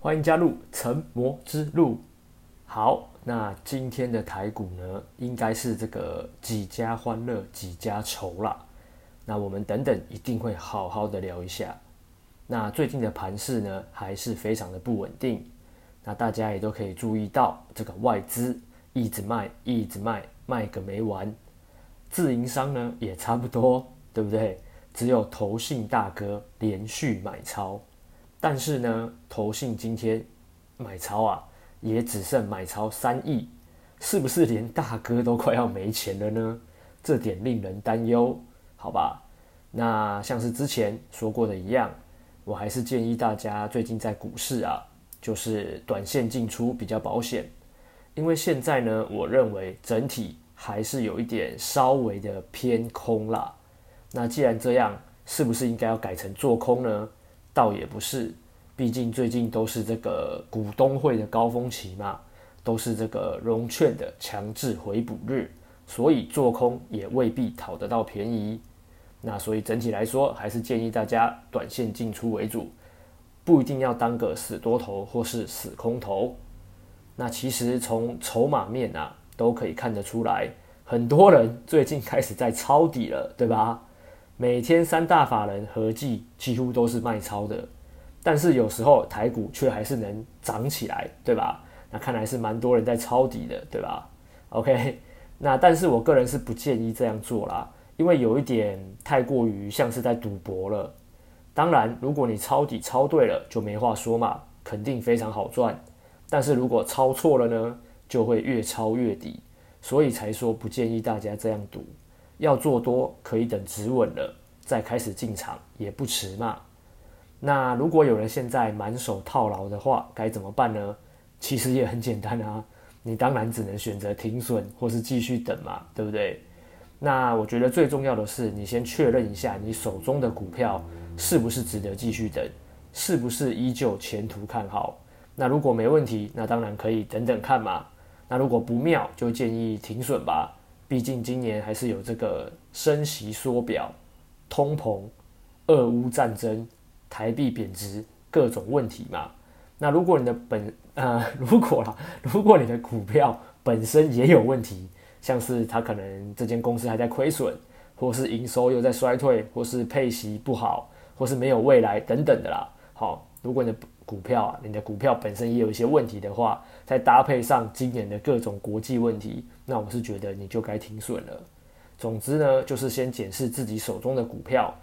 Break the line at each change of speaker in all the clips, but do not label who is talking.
歡迎加入成魔之路。好，那今天的台股呢，應該是這個幾家歡樂幾家愁啦。那我們等等一定會好好的聊一下。那最近的盤勢呢，還是非常的不穩定。那大家也都可以注意到，這個外資一直賣，一直賣，賣個沒完。自營商呢，也差不多，對不對？只有投信大哥連續買超。但是呢，投信今天買超啊，也只剩買超三億，是不是連大哥都快要沒錢了呢？這點令人擔憂，好吧。那像是之前說過的一樣，我還是建議大家最近在股市啊，就是短線進出比較保險，因為現在呢，我認為整體還是有一點稍微的偏空啦。那既然這樣，是不是應該要改成做空呢？倒也不是，畢竟最近都是這個股東會的高峰期嘛，都是這個融券的強制回補日，所以做空也未必討得到便宜。那所以整體來說，還是建議大家短線進出為主，不一定要當個死多頭或是死空頭。那其實從籌碼面啊，都可以看得出來，很多人最近開始在抄底了，對吧？每天三大法人合計幾乎都是賣超的，但是有時候台股卻還是能漲起來，對吧？那看來是蠻多人在抄底的，對吧？OK，那但是我個人是不建議這樣做啦，因為有一點太過於像是在賭博了。當然，如果你抄底抄對了，就沒話說嘛，肯定非常好賺。但是如果抄錯了呢，就會越抄越底，所以才說不建議大家這樣賭。要做多，可以等止穩了再開始進場，也不遲嘛。那如果有人現在滿手套牢的話，該怎麼辦呢？其實也很簡單啊，你當然只能選擇停損或是繼續等嘛，對不對？那我覺得最重要的是，是你先確認一下你手中的股票是不是值得繼續等，是不是依舊前途看好。那如果沒問題，那當然可以等等看嘛。那如果不妙，就建議停損吧。畢竟今年還是有這個升息縮表、通膨、俄烏戰爭、台幣貶值各種問題嘛。那如果你的本呃，如果啦，如果你的股票本身也有問題，像是它可能這間公司還在虧損，或是營收又在衰退，或是配息不好，或是沒有未來等等的啦。好，哦，如果你的股票啊，你的股票本身也有一些問題的話，再搭配上今年的各種國際問題，那我是覺得你就該停損了。總之呢，就是先檢視自己手中的股票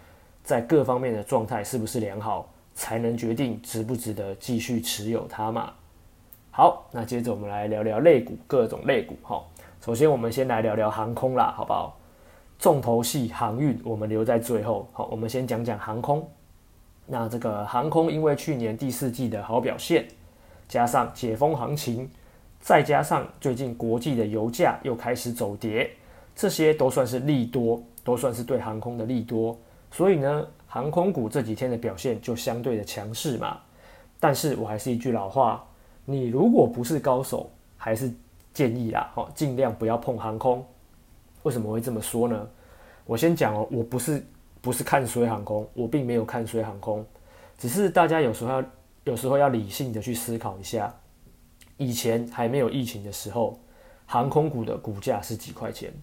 在各方面的狀態是不是良好，才能決定值不值得繼續持有它嘛。好，那接着我們來聊聊類股，各種類股哈、哦。首先我們先來聊聊航空啦，好不好？重頭戲航運我們留在最後。好、哦，我們先講講航空。那這個航空，因為去年第四季的好表現，加上解封行情，再加上最近國際的油價又開始走跌，這些都算是利多，都算是對航空的利多。所以呢，航空股這幾天的表現就相對的強勢嘛。但是我還是一句老話，你如果不是高手，還是建議啦，哦，盡量不要碰航空。為什麼會這麼說呢？我先講哦，我不是。不是看衰航空，我並沒有看衰航空，只是大家有時候要有時候要理性的去思考一下，以前還沒有疫情的時候，航空股的股價是幾塊錢，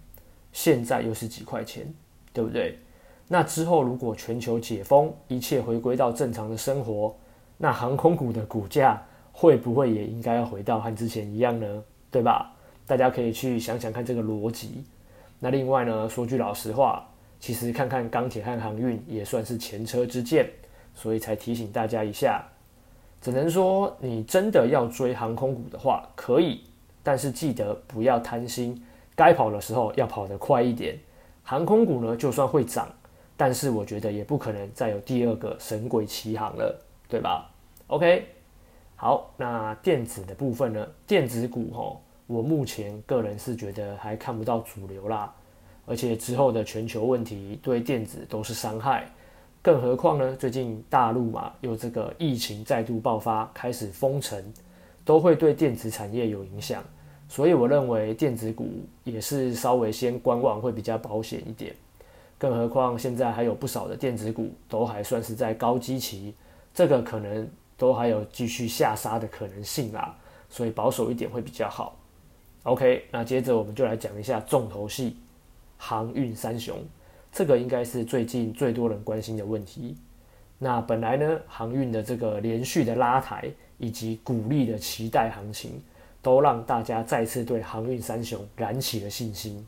現在又是幾塊錢，對不對？那之後如果全球解封，一切回歸到正常的生活，那航空股的股價會不會也應該要回到和之前一樣呢？對吧？大家可以去想想看這個邏輯。那另外呢，說句老實話。其實看看鋼鐵和航運也算是前車之鑑，所以才提醒大家一下。只能說你真的要追航空股的話，可以，但是記得不要貪心，該跑的時候要跑得快一點。航空股呢，就算會漲，但是我覺得也不可能再有第二個神鬼奇航了，對吧？OK，好，那電子的部分呢？電子股哦，我目前個人是覺得還看不到主流啦。而且之後的全球問題對電子都是傷害，更何況呢？最近大陸嘛，又這個疫情再度爆發，開始封城，都會對電子產業有影響。所以我認為電子股也是稍微先觀望會比較保險一點。更何況現在還有不少的電子股都還算是在高基期，這個可能都還有繼續下殺的可能性啊。所以保守一點會比較好。OK，那接着我們就來講一下重頭戲。航運三雄，這個應該是最近最多人關心的問題。那本來呢，航運的這個連續的拉抬，以及股利的期待行情，都讓大家再次對航運三雄燃起了信心。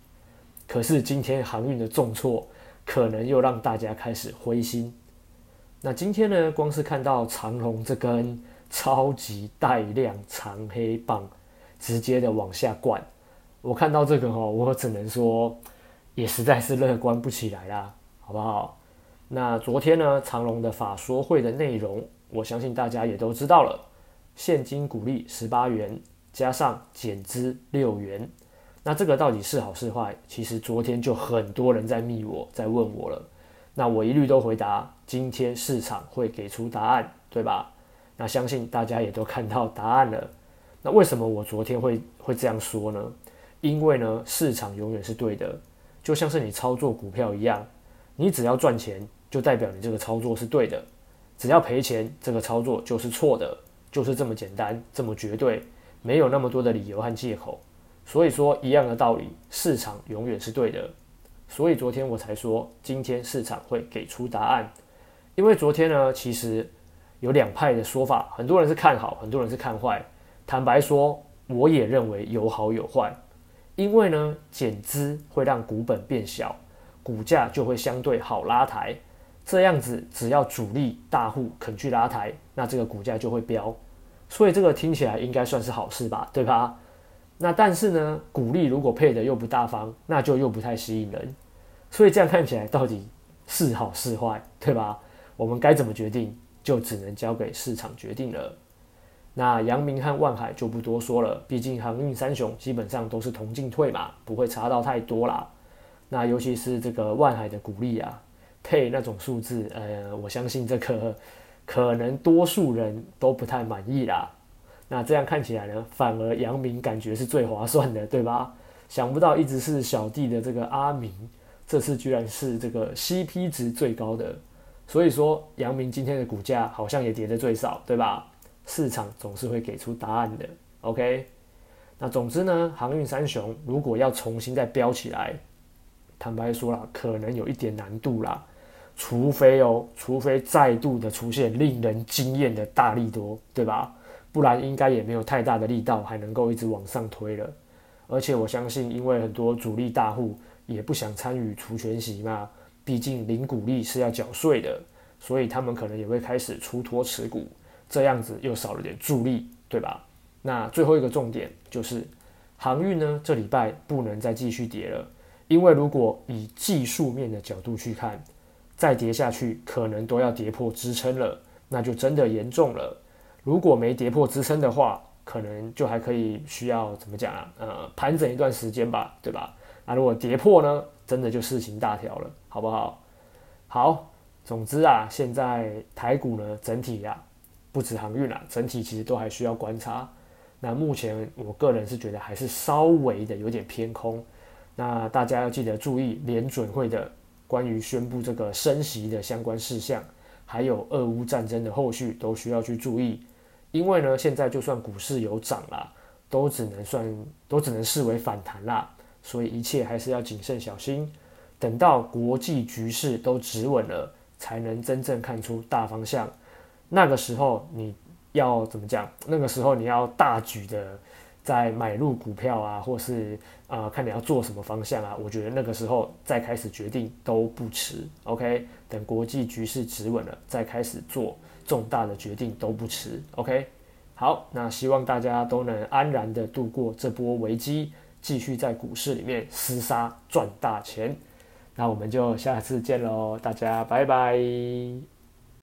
可是今天航運的重挫，可能又讓大家開始灰心。那今天呢，光是看到長榮這根超級帶量長黑棒，直接的往下灌，我看到這個、喔、我只能說。也實在是樂觀不起來啦，好不好？那昨天呢，長榮的法說會的內容，我相信大家也都知道了。現金股利十八元，加上減資六元，那這個到底是好是壞？其實昨天就很多人在密我，在問我了。那我一律都回答：今天市場會給出答案，對吧？那相信大家也都看到答案了。那為什麼我昨天會會這樣說呢？因為呢，市場永遠是對的。就像是你操作股票一樣，你只要賺錢，就代表你這個操作是對的；只要賠錢，這個操作就是錯的，就是這麼簡單，這麼絕對，沒有那麼多的理由和借口。所以說，一樣的道理，市場永遠是對的。所以昨天我才說，今天市場會給出答案，因為昨天呢，其實有兩派的說法，很多人是看好，很多人是看壞。坦白說，我也認為有好有壞。因為呢，減資會讓股本變小，股價就會相對好拉抬。這樣子，只要主力大戶肯去拉抬，那這個股價就會飆。所以這個聽起來應該算是好事吧，對吧？那但是呢，股利如果配得又不大方，那就又不太吸引人。所以這樣看起來，到底是好是壞，對吧？我們該怎麼決定，就只能交給市場決定了。那陽明和萬海就不多說了，畢竟航運三雄基本上都是同進退嘛，不會差到太多啦。那尤其是這個萬海的股利啊，配那種數字，呃，我相信這個可能多數人都不太滿意啦。那這樣看起來呢，反而陽明感覺是最划算的，對吧？想不到一直是小弟的這個阿明，這次居然是這個 CP 值最高的，所以說陽明今天的股價好像也跌得最少，對吧？市場總是會給出答案的，OK？那總之呢，航運三雄如果要重新再飆起來，坦白說啦，可能有一點難度啦。除非哦，除非再度的出現令人驚艷的大利多，對吧？不然應該也沒有太大的力道，還能夠一直往上推了。而且我相信，因為很多主力大戶也不想參與除權息嘛，畢竟零股利是要繳稅的，所以他們可能也會開始出脫持股。這樣子又少了點助力，對吧？那最後一個重點就是，航運呢，這禮拜不能再繼續跌了，因為如果以技術面的角度去看，再跌下去可能都要跌破支撐了，那就真的嚴重了。如果沒跌破支撐的話，可能就還可以需要怎麼講啊？呃，盤整一段時間吧，對吧？那如果跌破呢，真的就事情大條了，好不好？好，總之啊，現在台股呢，整體呀、啊。不止航運啦、啊，整體其實都還需要觀察。那目前我個人是覺得還是稍微的有點偏空。那大家要記得注意聯準會的關於宣布這個升息的相關事項，還有俄烏戰爭的後續都需要去注意。因為呢，現在就算股市有漲啦，都只能算都只能視為反彈啦。所以一切還是要謹慎小心。等到國際局勢都止穩了，才能真正看出大方向。那個時候你要怎麼講？那個時候你要大舉的在買入股票啊，或是啊、呃、看你要做什麼方向啊？我覺得那個時候再開始決定都不遲。OK，等國際局勢止穩了，再開始做重大的決定都不遲。OK，好，那希望大家都能安然的度過這波危機，繼續在股市裡面廝殺賺大錢。那我們就下次見嘍，大家拜拜。